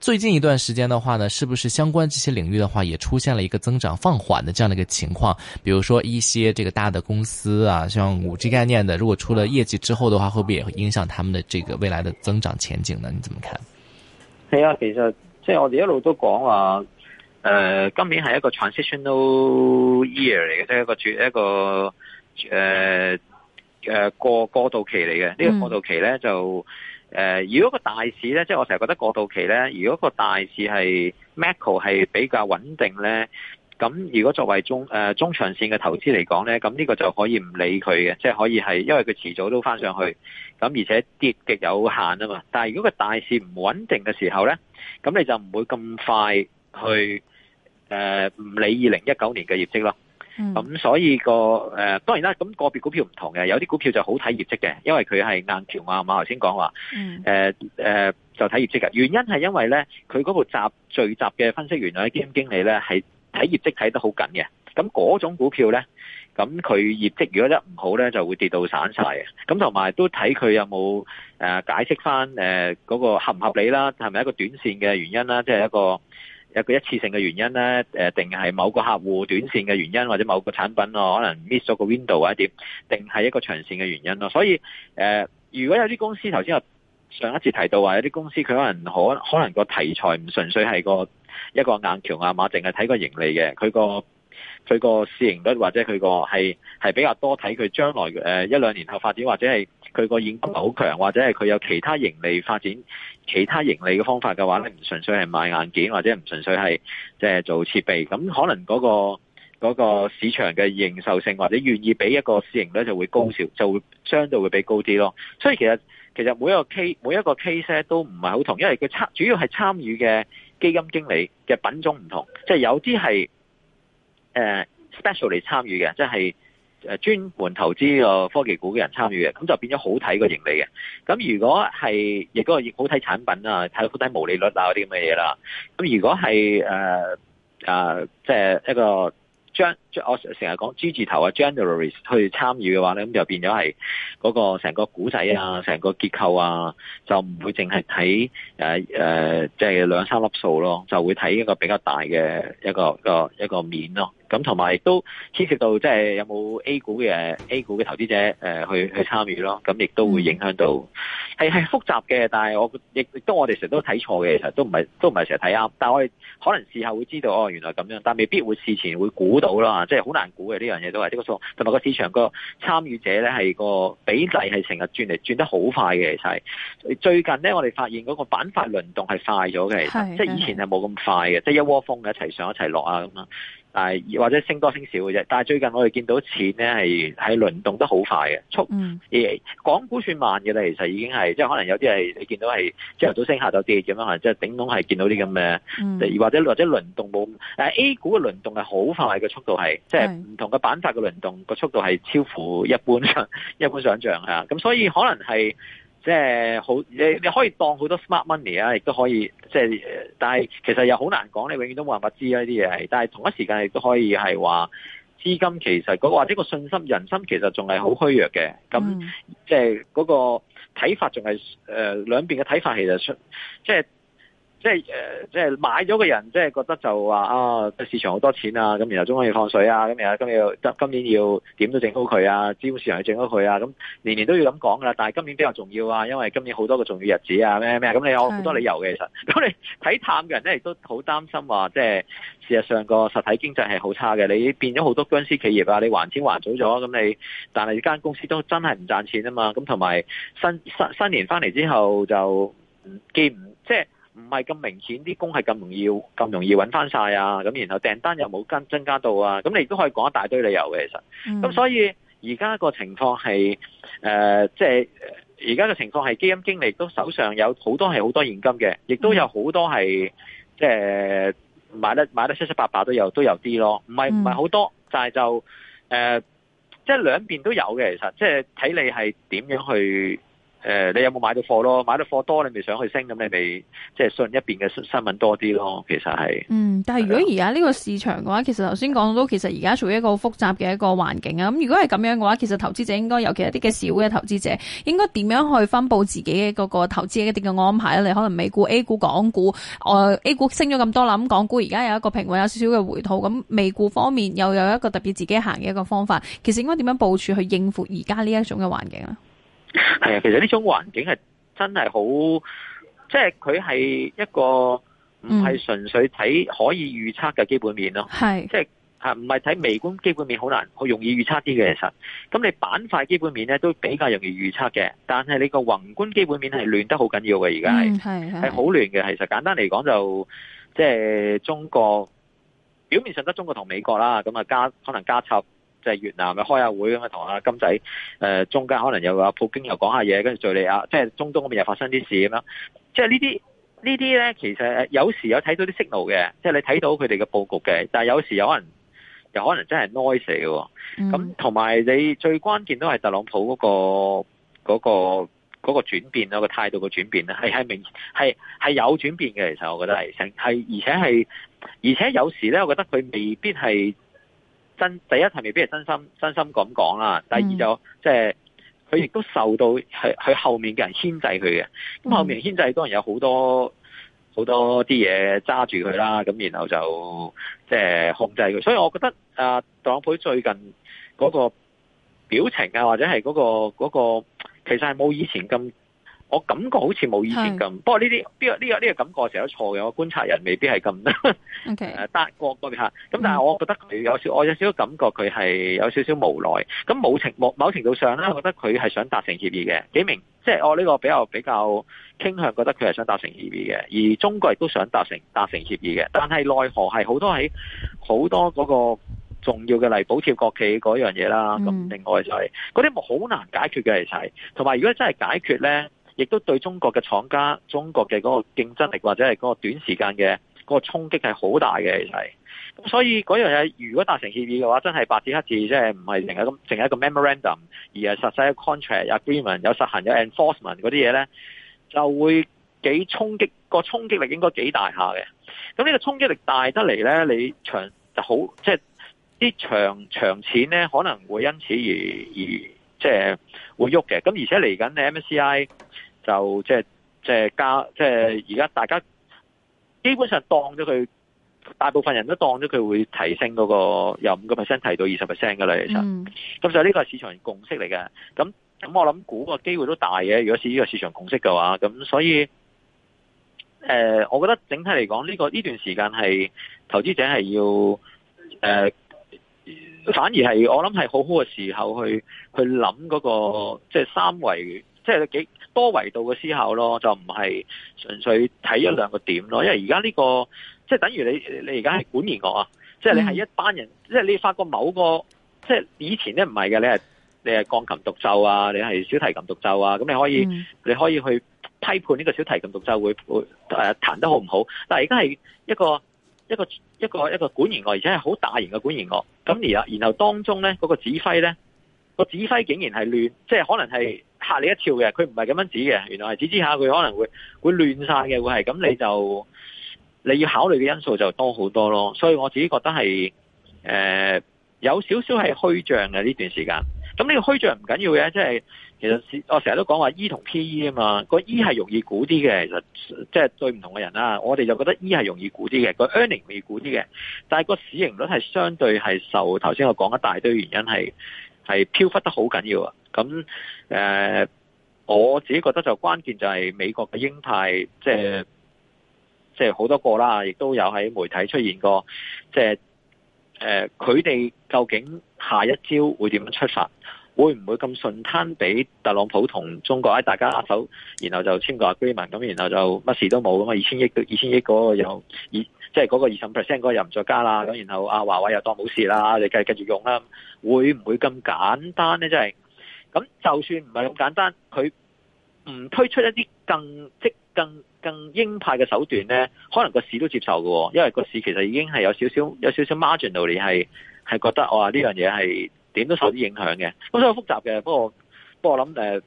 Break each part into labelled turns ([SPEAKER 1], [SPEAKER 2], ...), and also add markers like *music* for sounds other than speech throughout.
[SPEAKER 1] 最近一段時間的話呢，是不是相關這些領域的話也出現了一個增長放緩的這樣的一個情況？比如說一些這個大的公司啊，像五 G 概念的，如果出了業績之後的話，會不會也會影響他們的這個未來的增長前景呢？你怎麼看？
[SPEAKER 2] 係啊，其實即係我哋一路都講話，誒、呃，今年係一個 transitional year 嚟嘅，即係一個絕一個誒誒、呃呃、過過渡期嚟嘅。呢、這個過渡期咧、嗯、就。誒，如果個大市咧，即係我成日覺得過渡期咧，如果個大市係 Macro 係比較穩定咧，咁如果作為中誒中長線嘅投資嚟講咧，咁呢個就可以唔理佢嘅，即係可以係因為佢遲早都翻上去，咁而且跌極有限啊嘛。但係如果個大市唔穩定嘅時候咧，咁你就唔會咁快去誒唔理二零一九年嘅業績咯。咁、嗯嗯，所以個誒、呃，當然啦，咁個別股票唔同嘅，有啲股票就好睇業績嘅，因為佢係硬調啊嘛，頭先講話，誒、呃、誒、呃、就睇業績嘅原因係因為咧，佢嗰部集聚集嘅分析員啊基金經理咧係睇業績睇得好緊嘅，咁嗰種股票咧，咁佢業績如果一唔好咧就會跌到散晒，咁同埋都睇佢有冇誒解釋翻誒嗰個合唔合理啦，係咪一個短綫嘅原因啦，即、就、係、係、一個。一個一次性嘅原因咧、呃，定係某個客戶短線嘅原因，或者某個產品咯，可能 miss 咗個 window 或者點，定係一個長線嘅原因咯。所以、呃、如果有啲公司頭先我上一次提到話，有啲公司佢可能可可能個題材唔純粹係個一個硬橋硬馬，淨係睇個盈利嘅，佢個佢個市盈率或者佢個係係比較多睇佢將來、呃、一兩年後發展或者係。佢個現金唔係好強，或者係佢有其他盈利發展、其他盈利嘅方法嘅話咧，唔純粹係買硬件，或者唔純粹係即係做設備，咁可能嗰個嗰個市場嘅認受性或者願意俾一個市盈率就會高少，就會相對會比高啲咯。所以其實其實每一個 case 每一個 case 都唔係好同，因為佢參主要係參與嘅基金經理嘅品種唔同，即係有啲係 special 嚟參與嘅，即係。誒專門投資個科技股嘅人參與嘅，咁就變咗好睇個盈利嘅。咁如果係亦都係好睇產品啊，睇好睇毛利率啊嗰啲咁嘅嘢啦。咁如果係誒啊，即、呃、係、呃就係、一個將。即我成日講豬字頭啊，generals 去參與嘅話咧，咁就變咗係嗰個成個股仔啊，成個結構啊，就唔會淨係睇誒誒，即係兩三粒數咯，就會睇一個比較大嘅一個一個一個面咯。咁同埋亦都牽涉到即係有冇 A 股嘅 A 股嘅投資者誒去去參與咯。咁亦都會影響到係係複雜嘅，但係我亦亦都我哋成日都睇錯嘅，其實都唔係都唔係成日睇啱，但係我哋可能事後會知道哦，原來咁樣，但未必會事前會估到啦。即係好難估嘅，呢樣嘢都係呢個數，同埋個市場個參與者咧係個比例係成日轉嚟轉得好快嘅。其實係最近咧，我哋發現嗰個板塊輪動係快咗嘅，即係以前係冇咁快嘅，即係一窩蜂嘅一齊上一齊落啊咁但或者升多升少嘅啫，但係最近我哋見到錢咧係喺輪動得好快嘅速，而港股算慢嘅咧，其實已經係即係可能有啲係你見到係朝頭早升就下晝跌咁樣，可能即係頂籠係見到啲咁嘅，或者或者輪動冇，誒 A 股嘅輪動係好快嘅速度係，即係唔同嘅板塊嘅輪動個速度係超乎一般一般想象吓，咁所以可能係。即係好，你你可以當好多 smart money 啊，亦都可以即係、就是，但係其實又好難講，你永遠都冇辦法知呢啲嘢。但係同一時間亦都可以係話資金其實嗰個或者個信心人心其實仲係好虛弱嘅，咁即係嗰個睇法仲係、呃、兩邊嘅睇法其實出即係。就是即係誒，即係買咗嘅人，即係覺得就話啊、哦，市場好多錢啊，咁然後中央要放水啊，咁然後今要今年要點都整好佢啊，資本市場去整好佢啊，咁年年都要咁講㗎喇。但係今年比較重要啊，因為今年好多個重要日子啊，咩咩，咁你有好多理由嘅是的 其實。咁你睇淡嘅人咧都好擔心話，即係事實上個實體經濟係好差嘅。你變咗好多殭屍企業啊，你還錢還早咗，咁你但係間公司都真係唔賺錢啊嘛。咁同埋新新新年返嚟之後就見唔、嗯、即唔係咁明顯，啲工係咁容易咁容易揾翻曬啊！咁然後訂單又冇跟增加到啊！咁你都可以講一大堆理由嘅，其實。咁所以而家個情況係誒，即係而家嘅情況係基金經理都手上有好多係好多現金嘅，亦都有好多係即係買得買得七七八八都有都有啲咯。唔係唔係好多，嗯、但係就誒，即係兩邊都有嘅，其實即係睇你係點樣去。誒、呃，你有冇買到貨咯？買到貨多，你咪想去升咁，你咪即係信一邊嘅新聞多啲咯。其實係嗯，但係如果而家呢個市場嘅話，的其實頭先講到，其實而家屬於一個好複雜嘅一個環境啊。咁如果係咁樣嘅話，其實投資者應該，尤其係啲嘅小嘅投資者，應該點樣去分布自己嘅嗰個投資嘅一啲嘅安排？你可能美股、A 股、港股，誒、呃，A 股升咗咁多啦，咁港股而家有一個平穩，有少少嘅回吐，咁美股方面又有一個特別自己行嘅一個方法，其實應該點樣部署去應付而家呢一種嘅環境？係啊，其實呢種環境係真係好，即係佢係一個唔係純粹睇可以預測嘅基本面咯。係、嗯，即係係唔係睇微觀基本面好難，好容易預測啲嘅。其實咁你板塊基本面咧都比較容易預測嘅，但係你個宏觀基本面係亂得好緊要嘅。而家係係係好亂嘅，其實簡單嚟講就即係、就是、中國表面上得中國同美國啦，咁啊加可能加插。就係越南咪開下會咁啊，同阿金仔誒、呃、中間可能又阿普京又講下嘢，跟住敍利亞即係、就是、中東嗰邊又發生啲事咁樣，即、就、係、是、呢啲呢啲咧，其實有時有睇到啲訊號嘅，即、就、係、是、你睇到佢哋嘅佈局嘅，但係有時有可能又可能真係 noise 嘅。咁同埋你最關鍵都係特朗普嗰、那個嗰、那個嗰、那個轉變啊，那個態度嘅轉變咧，係係明係係有轉變嘅，其實我覺得係成係而且係而且有時咧，我覺得佢未必係。真第一係未必係真心真心咁講啦，第二就即係佢亦都受到佢佢後面嘅人牽制佢嘅，咁後，後面牽制當然有好多好、嗯、多啲嘢揸住佢啦，咁然後就即係、就係、控制佢，所以我覺得啊，特朗普最近嗰個表情啊，或者係嗰、嗰個嗰、嗰個其實係冇以前咁。我感覺好似冇意見咁，是不過呢啲呢個呢呢、呢個呢個、感覺成日都錯嘅，我觀察人未必係咁 Okay,。德國嗰邊咁、嗯、但係我覺得佢有少，我有少少感覺佢係有少少無奈。咁冇情冇某程度上咧，我覺得佢係想達成協議嘅。幾名，即、就、係、是、我呢個比較比較傾向覺得佢係想達成協議嘅，而中國亦都想達成達成協議嘅。但係奈何係好多喺好多嗰個重要嘅嚟補貼國企嗰樣嘢啦。咁、嗯、另外就係嗰啲好難解決嘅係齊，同埋如果真係解決咧，亦都對中國嘅廠家、中國嘅嗰個競爭力或者係嗰個短時間嘅嗰個衝擊係好大嘅，其實。咁所以嗰樣嘢，如果達成協議嘅話，真係白紙黑字，即係唔係淨係咁淨係一個 memorandum，而係實際有 contract agreement 有實行有 enforcement 嗰啲嘢咧，就會幾衝擊，個衝擊力應該幾大下嘅。咁呢個衝擊力大得嚟咧，你長就好，即係啲長長錢咧可能會因此而而即係、即係、會喐嘅。咁而且嚟緊你 MSCI。就即係即係加即係而家大家基本上當咗佢，大部分人都當咗佢會提升嗰個由五個 percent 提到二十 percent 噶啦，其實咁，就呢個係市場共識嚟嘅。咁，咁我諗估個機會都大嘅。如果係呢個市場共識嘅話，咁所以誒，我覺得整體嚟講呢個呢段時間係投資者係要誒，反而係我諗係好好嘅時候去去諗嗰個即係三維，即係幾多維度嘅思考咯，就唔係純粹睇一兩個點咯。因為而家呢個即係等於你你而家係管弦樂啊，即係你係一班人，即係你發覺某個即係以前咧唔係嘅，你係你係鋼琴獨奏啊，你係小提琴獨奏啊，咁你可以你可以去批判呢個小提琴獨奏會誒彈得好唔好。但係而家係一個一個一個一個管弦樂，而且係好大型嘅管弦樂。咁而啊，然後當中咧嗰個指揮咧。個指揮竟然係亂，即係可能係嚇你一跳嘅，佢唔係咁樣指嘅，原來係指指下佢可能會會亂曬嘅，會係咁你就你要考慮嘅因素就多好多咯。所以我自己覺得係誒、呃、有少少係虛漲嘅呢段時間。咁呢個虛漲唔緊要嘅，即係其實我成日都講話 E 同 PE 啊嘛，個 E 係容易估啲嘅，其實即係對唔同嘅人啦，我哋就覺得 E 係容易估啲嘅，個 earning 易估啲嘅，但係個市盈率係相對係受頭先我講一大堆原因係。係飄忽得好緊要啊！咁誒、呃，我自己覺得就關鍵就係美國嘅鷹派，即係即係好多個啦，亦都有喺媒體出現過，即係誒佢哋究竟下一招會點樣出發？會唔會咁順攤俾特朗普同中國？大家握手，然後就簽個 agreement，咁然後就乜事都冇咁啊！二千億、二千億個又二，即係嗰個二十 percent 個又唔再加啦。咁然後啊，華為又當冇事啦，你繼繼續用啦。會唔會咁簡單咧？即係咁，就係，就算唔係咁簡單，佢唔推出一啲更即更更鷹派嘅手段咧，可能個市都接受噶。因為個市其實已經係有少少有少少 margin 度，你係係覺得哇呢樣嘢係。這個點都受啲影響嘅，咁、啊、所以複雜嘅。嗯、不過不過我諗誒，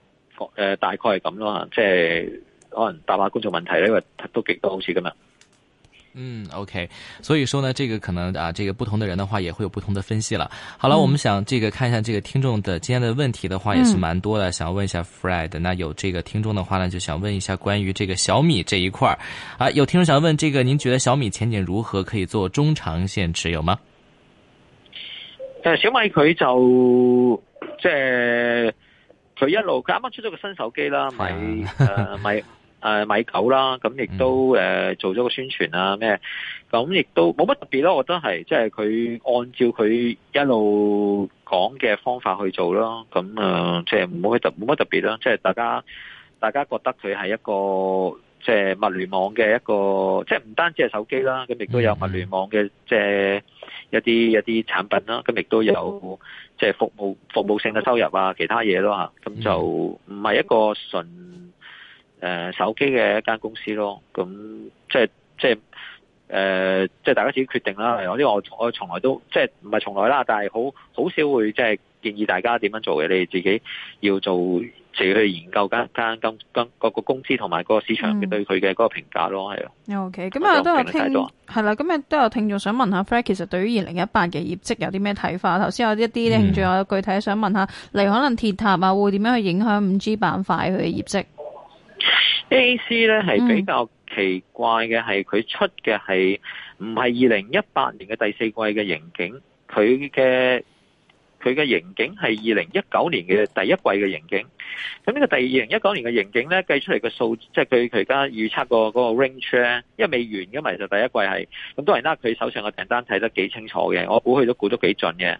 [SPEAKER 2] 誒大概係咁咯，即係可能答下觀眾問題咧，因為都幾多好似咁樣。
[SPEAKER 1] 嗯，OK，所以說呢，這個可能啊，這個不同的人的話，也會有不同的分析啦。好啦、嗯、我們想這個看一下這個聽眾的今天的問題的話，也是蠻多的，想要問一下 Fred，、嗯、那有這個聽眾的話呢，就想問一下關於這個小米這一塊，啊，有聽眾想問，這個您覺得小米前景如何，可以做中長線持有嗎？
[SPEAKER 2] 誒小米佢就即係佢一路，佢啱啱出咗個新手機啦，米誒米誒米九啦，咁亦都誒做咗個宣傳啊咩，咁亦都冇乜特別咯，我覺得係即係佢按照佢一路講嘅方法去做咯，咁誒即係冇乜特冇乜特別啦，即係大家大家覺得佢係一個即係物聯網嘅一個，即係唔單止係手機啦，咁亦都有物聯網嘅即係。即係一啲一啲產品啦，咁亦都有即係服務服務性嘅收入啊，其他嘢咯嚇，咁就唔係一個純誒、呃、手機嘅一間公司咯，咁即係即係誒，即係大家自己決定啦。我呢個我我從來都即係唔係從來啦，但係好好少會即係。建議大家點樣做嘅，你自己要做，自己去研究間間金金嗰個公司同埋嗰個市場嘅對佢嘅嗰個評價咯。係、嗯。O K，咁啊都有聽，係啦 Okay,，咁啊都有聽眾想問下 Frank，其實對於二零一八嘅業績有啲咩睇法？頭先有一啲咧仲有，具體想問下，例如可能鐵塔啊，會點樣去影響五 G 板塊佢嘅業績？A C 咧係比較奇怪嘅，係佢出嘅係唔係二零一八年嘅第四季嘅盈警？佢嘅。佢嘅盈警係二零一九年嘅第一季嘅盈警。咁呢個第二零一九年嘅盈警咧計出嚟嘅數，即係佢佢而家預測個嗰個 range 咧，因為未完㗎嘛，其、就、實、是、第一季係咁多人啦，佢手上嘅訂單睇得幾清楚嘅，我估佢都估得幾準嘅。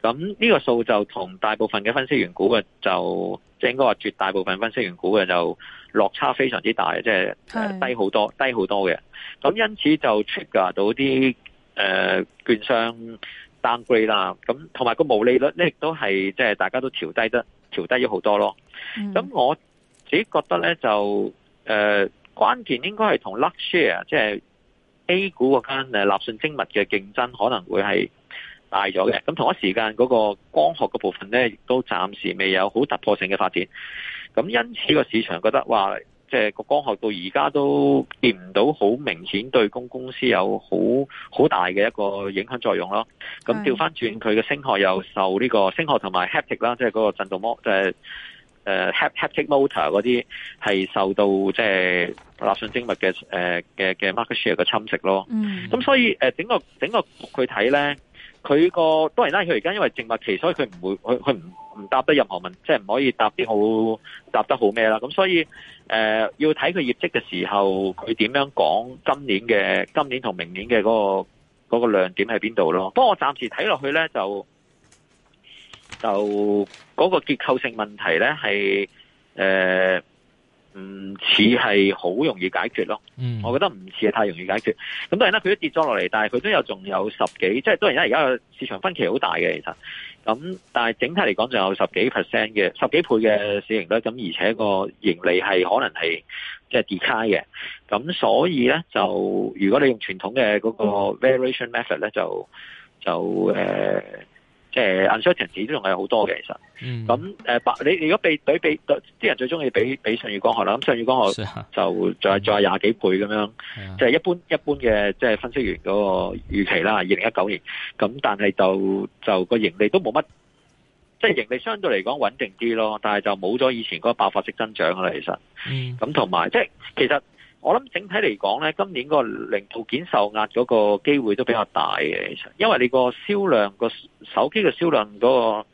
[SPEAKER 2] 咁呢個數就同大部分嘅分析員估嘅就，即係應該話絕大部分分析員估嘅就落差非常之大，即、就、係、是、低好多，是的 低好多嘅。咁因此就 trigger 到啲誒、嗯呃、券商。Downgrade 啦，咁同埋個毛利率咧，亦都係即係大家都調低得，調低咗好多咯。咁、mm. 我自己覺得咧，就誒、呃、關鍵應該係同 Luxshare 即係 A 股嗰間誒立訊精密嘅競爭可能會係大咗嘅。咁同一時間嗰個光學嘅部分咧，亦都暫時未有好突破性嘅發展。咁因此個市場覺得話。即係個光學到而家都見唔到好明顯對公公司有好好大嘅一個影響作用咯。咁調翻轉佢嘅聲學，又受呢個聲學同埋 haptic 啦，即係嗰個振動模，即、uh, 係 haptic motor 嗰啲係受到即係、就是、立訊精密嘅嘅嘅 market share 嘅侵蝕咯。咁、mm hmm. 所以誒整個整個佢睇咧。佢個當然啦，佢而家因為靜默期，所以佢唔會，佢佢唔唔答得任何問，即係唔可以答啲好答得好咩啦。咁所以誒、呃，要睇佢業績嘅時候，佢點樣講今年嘅今年同明年嘅嗰個嗰個亮點喺邊度咯。不過我暫時睇落去咧，就就嗰個結構性問題咧，係誒。呃唔似係好容易解決咯，嗯，我覺得唔似係太容易解決。咁當然啦，佢、嗯、都跌咗落嚟，但係佢都有仲有十幾，即係當然啦，而家個市場分歧好大嘅其實，咁、嗯、但係整體嚟講仲有十幾 percent 嘅十幾倍嘅市盈率，咁而且個盈利係可能係即係 decline 嘅，咁、就是嗯、所以咧就如果你用傳統嘅嗰個 valuation method 咧就就、呃即係 uncertainty 自己都仲係好多嘅，其實。咁，誒，你，如果俾懟俾，啲人最中意俾俾信宇光學啦。咁信宇光學就再再廿幾倍咁樣，即係一般一般嘅，即係分析員嗰個預期啦。二零一九年，咁但係就就個盈利都冇乜，即係盈利相對嚟講穩定啲咯。但係就冇咗以前嗰個爆發式增長啦。其實，咁同埋即係其實。我諗整體嚟講呢，今年個零部件受壓嗰個機會都比較大嘅，因為你個銷量個手機嘅銷量嗰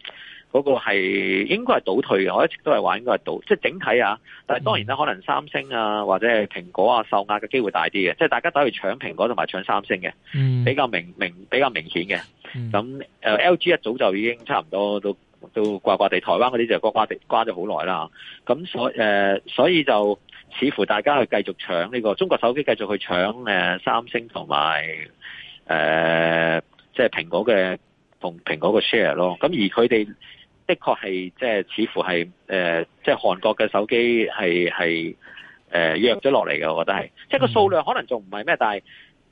[SPEAKER 2] 個嗰個係應該係倒退嘅，我一直都係話應該係倒，即係整體啊。但係當然啦，可能三星啊或者係蘋果啊受壓嘅機會大啲嘅，即係大家等係搶蘋果同埋搶三星嘅，比較明明比較明顯嘅。咁 LG 一早就已經差唔多都。都掛掛地，台灣嗰啲就掛掛地掛咗好耐啦。咁所以、呃、所以就似乎大家去繼續搶呢個中國手機，繼續去搶、呃、三星同埋誒即係蘋果嘅同蘋果嘅 share 咯。咁而佢哋的確係即係似乎係即係韓國嘅手機係係誒弱咗落嚟嘅，我覺得係即係個數量可能仲唔係咩，但係。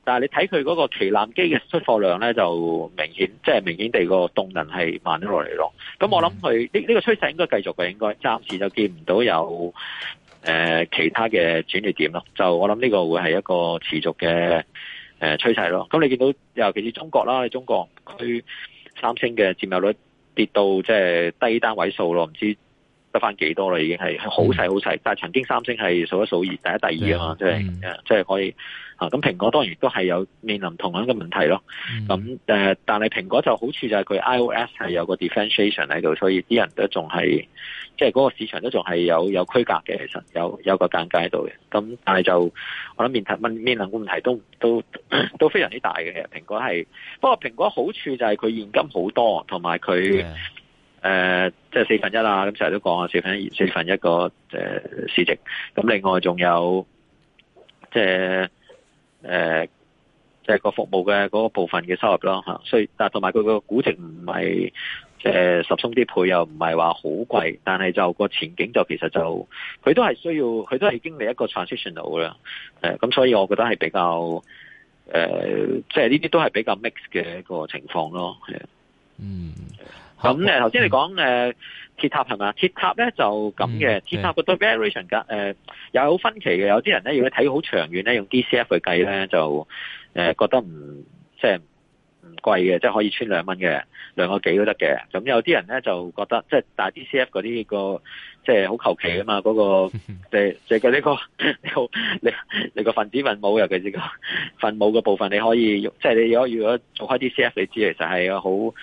[SPEAKER 2] 但係你睇佢嗰個旗艦機嘅出貨量咧，就明顯即係、就是、明顯地個動能係慢咗落嚟咯。咁我諗佢呢呢個趨勢應該繼續嘅，應該暫時就見唔到有誒、呃、其他嘅轉捩點咯。就我諗呢個會係一個持續嘅誒、呃、趨勢咯。咁你見到尤其是中國啦，中國佢三星嘅佔有率跌到即係低單位數咯，唔知。得返幾多啦？已經係好細好細，嗯、但係曾經三星係數一數二，第一第二啊嘛，即係即係可以、嗯、啊。咁蘋果當然都係有面臨同樣嘅問題咯。咁、嗯呃、但係蘋果就好處就係佢 iOS 係有個 differentiation 喺度，所以啲人都仲係即係嗰個市場都仲係有有區隔嘅。其實有有個間隔喺度嘅。咁、嗯、但係就我諗面題問面臨嘅問題都都都非常之大嘅。其實蘋果係不過蘋果好處就係佢現金好多，同埋佢。嗯誒，即係、呃就是、四分一啦，咁成日都講啊，四分一，四分一個誒、呃、市值。咁另外仲有，即係誒，即係個服務嘅嗰個部分嘅收入咯吓。所以，但係同埋佢個估值唔係，即、呃、十鬆啲倍又唔係話好貴，但係就個前景就其實就，佢都係需要，佢都係經歷一個 transitional 啦。誒、呃，咁所以我覺得係比較，誒、呃，即係呢啲都係比較 mixed 嘅一個情況咯。呃、嗯。咁誒，頭先、嗯嗯、你講誒，鐵塔係咪？鐵、嗯、塔咧就咁嘅，鐵塔的覺得 variation 噶、呃、誒，又係好分歧嘅。有啲人咧如果睇好長遠咧，用 DCF 去計咧就誒、呃，覺得唔即係唔貴嘅，即係可以穿兩蚊嘅，兩個幾都得嘅。咁有啲人咧就覺得即係大 DCF 嗰啲個即係好求其啊嘛，嗰個即係即係呢個， *laughs* 這個、 *laughs* 你好你你個分子份母尤其是呢個份母嘅部分，你可以即係你如果如果做開 DCF，你知其實係好。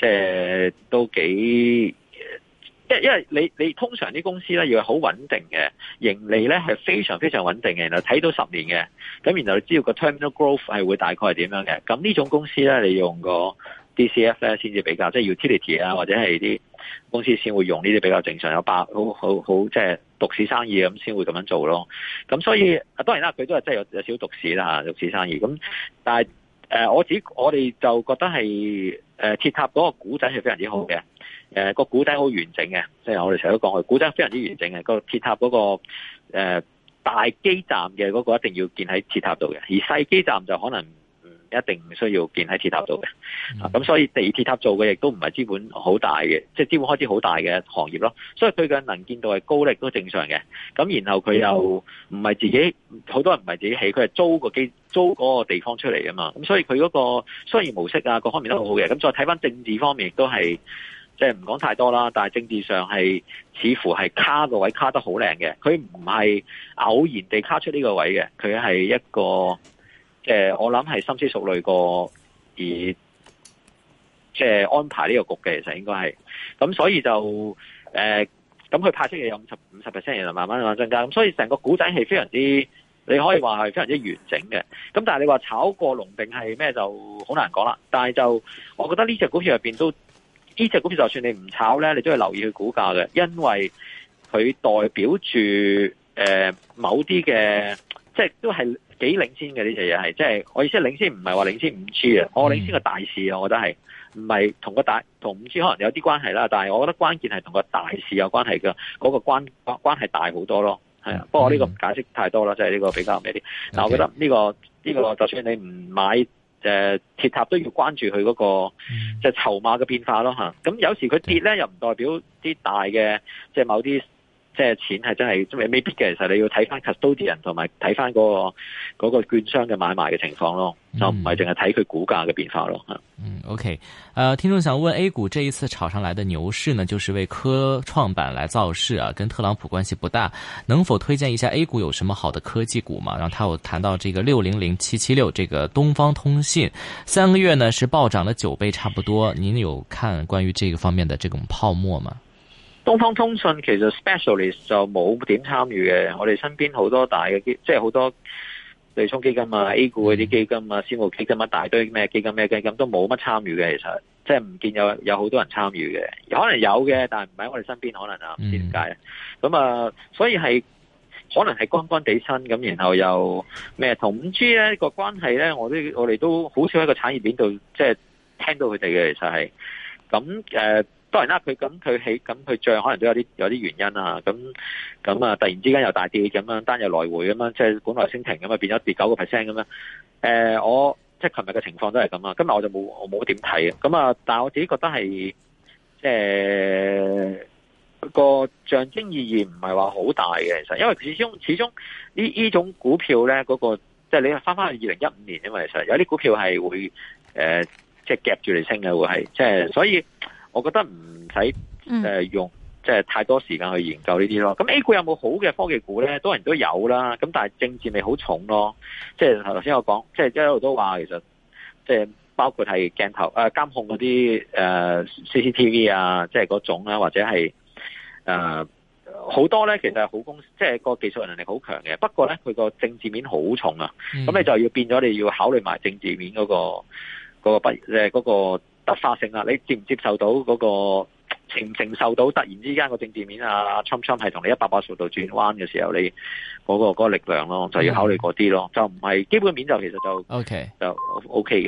[SPEAKER 2] 即係都幾，即係因為你你通常啲公司咧要係好穩定嘅，盈利咧係非常非常穩定嘅，然後睇到十年嘅，咁然後你知道個 terminal growth 係會大概係點樣嘅，咁呢種公司咧，你用個 DCF 咧先至比較，即係 utility 啊或者係啲公司先會用呢啲比較正常，有百好好好即係獨市生意咁先會咁樣做咯。咁所以當然啦，佢都係真係有有少少獨市啦吓，獨市生意咁，但係。誒、呃，我自己我哋就覺得係誒、呃、鐵塔嗰個古仔係非常之好嘅，誒、呃這個古仔好完整嘅，即、就、係、是、我哋成日都講佢古仔非常之完整嘅。個鐵塔嗰、那個誒、呃、大基站嘅嗰個一定要建喺鐵塔度嘅，而細基站就可能唔一定唔需要建喺鐵塔度嘅。咁、嗯、所以地鐵塔做嘅亦都唔係資本好大嘅，即、就、係、是、資本開支好大嘅行業咯。所以對佢能見到係高力都正常嘅。咁然後佢又唔係自己，好、嗯、多人唔係自己起，佢係租個機。租嗰個地方出嚟嘅嘛，咁所以佢嗰個商業模式啊，各方面都好好嘅。咁再睇翻政治方面是，亦都係即係唔講太多啦。但係政治上係似乎係卡個位卡得好靚嘅，佢唔係偶然地卡出呢個位嘅，佢係一個即係、呃、我諗係深思熟慮過而即係安排呢個局嘅，其實應該係。咁所以就誒，咁、呃、佢派出嘅有五十五十 percent，然後慢慢慢慢增加。咁所以成個古仔係非常之。你可以話係非常之完整嘅，咁但係你話炒過龍定係咩就好難講啦。但係就我覺得呢隻股票入面都呢隻股票，就算你唔炒咧，你都係留意佢股價嘅，因為佢代表住誒、呃、某啲嘅，即係都係幾領先嘅呢隻嘢係。即係我意思係領先唔係話領先五 G 嘅，我領先個大市，我覺得係唔係同個大同五 G 可能有啲關係啦。但係我覺得關鍵係同個大市有關係嘅嗰、嗰個關係係大好多咯。係啊，不過呢個唔解釋太多啦，即係呢個比較咩啲。嗱，Okay. 我覺得呢、這個呢、這個就算你唔買誒、呃、鐵塔，都要關注佢嗰、那個即係、mm hmm. 籌碼嘅變化咯吓。咁有時佢跌咧，mm hmm. 又唔代表啲大嘅即係某啲即係錢係真係未必嘅。其實你要睇翻 custodian 啲人同埋睇翻嗰個、那個券商嘅買賣嘅情況咯，mm hmm. 就唔係淨係睇佢股價嘅變化咯吓。
[SPEAKER 1] OK，呃，聽眾想問 A 股這一次炒上來的牛市呢，就是為科創板來造勢啊，跟特朗普關係不大，能否推薦一下 A 股有什麼好的科技股嘛？然後他有談到這個六零零七七六這個東方通信，三個月呢是暴漲了九倍差不多，您有看關於這個方面的這種泡沫嗎？
[SPEAKER 2] 東方通信其實 specialist 就冇點參與嘅，我哋身邊好多大嘅，即係好多。對沖基金啊，A 股嗰啲基金啊，私募、嗯、基金一大堆咩基金咩基金都冇乜參與嘅，其實即係唔見有有好多人參與嘅，可能有嘅，但係唔喺我哋身邊可能啊，唔知點解咁啊，所以係可能係干干地新，咁然後又咩同五 G 咧、呢個關係咧，我都我哋都好少喺個產業鏈度即係聽到佢哋嘅其實係咁誒。當然啦，佢咁佢起咁佢漲，佢可能都有啲有啲原因啊。咁咁啊，突然之間又大跌咁啊，單日來回咁啊，即係本來升停咁啊，變咗跌九個 percent 咁啊。呃，我即係琴日嘅情況都係咁啊。今日我就冇我冇點睇啊。咁啊，但我自己覺得係即係、呃那個象徵意義唔係話好大嘅，其實因為始終始終呢呢種股票咧嗰、那個，即係你翻翻去二零一五年，因為其實有啲股票係會、呃、即係夾住嚟升嘅，會係即係所以。我覺得唔使用即係、就是、太多時間去研究呢啲咯。咁 A 股有冇好嘅科技股咧？當然都有啦。咁但係政治面好重咯。即係頭先我講，即、就、係、是、一路都話其實即係、就是、包括係鏡頭誒監控嗰啲誒 CCTV 啊，即係嗰種啦，或者係誒好多咧，其實係好公司，即係個技術能力好強嘅。不過咧，佢個政治面好重啊。咁你就要變咗，你要考慮埋政治面嗰個嗰個嗰個。那個那個那個突發性啊，你接唔接受到，嗰個承唔承受到突然之間個政治面啊，川普川普係同你一百八十度轉彎嘅時候，你、嗰個、嗰個力量咯，就要考慮啲咯，就唔係基本面就其實就 OK 就 OK 嘅。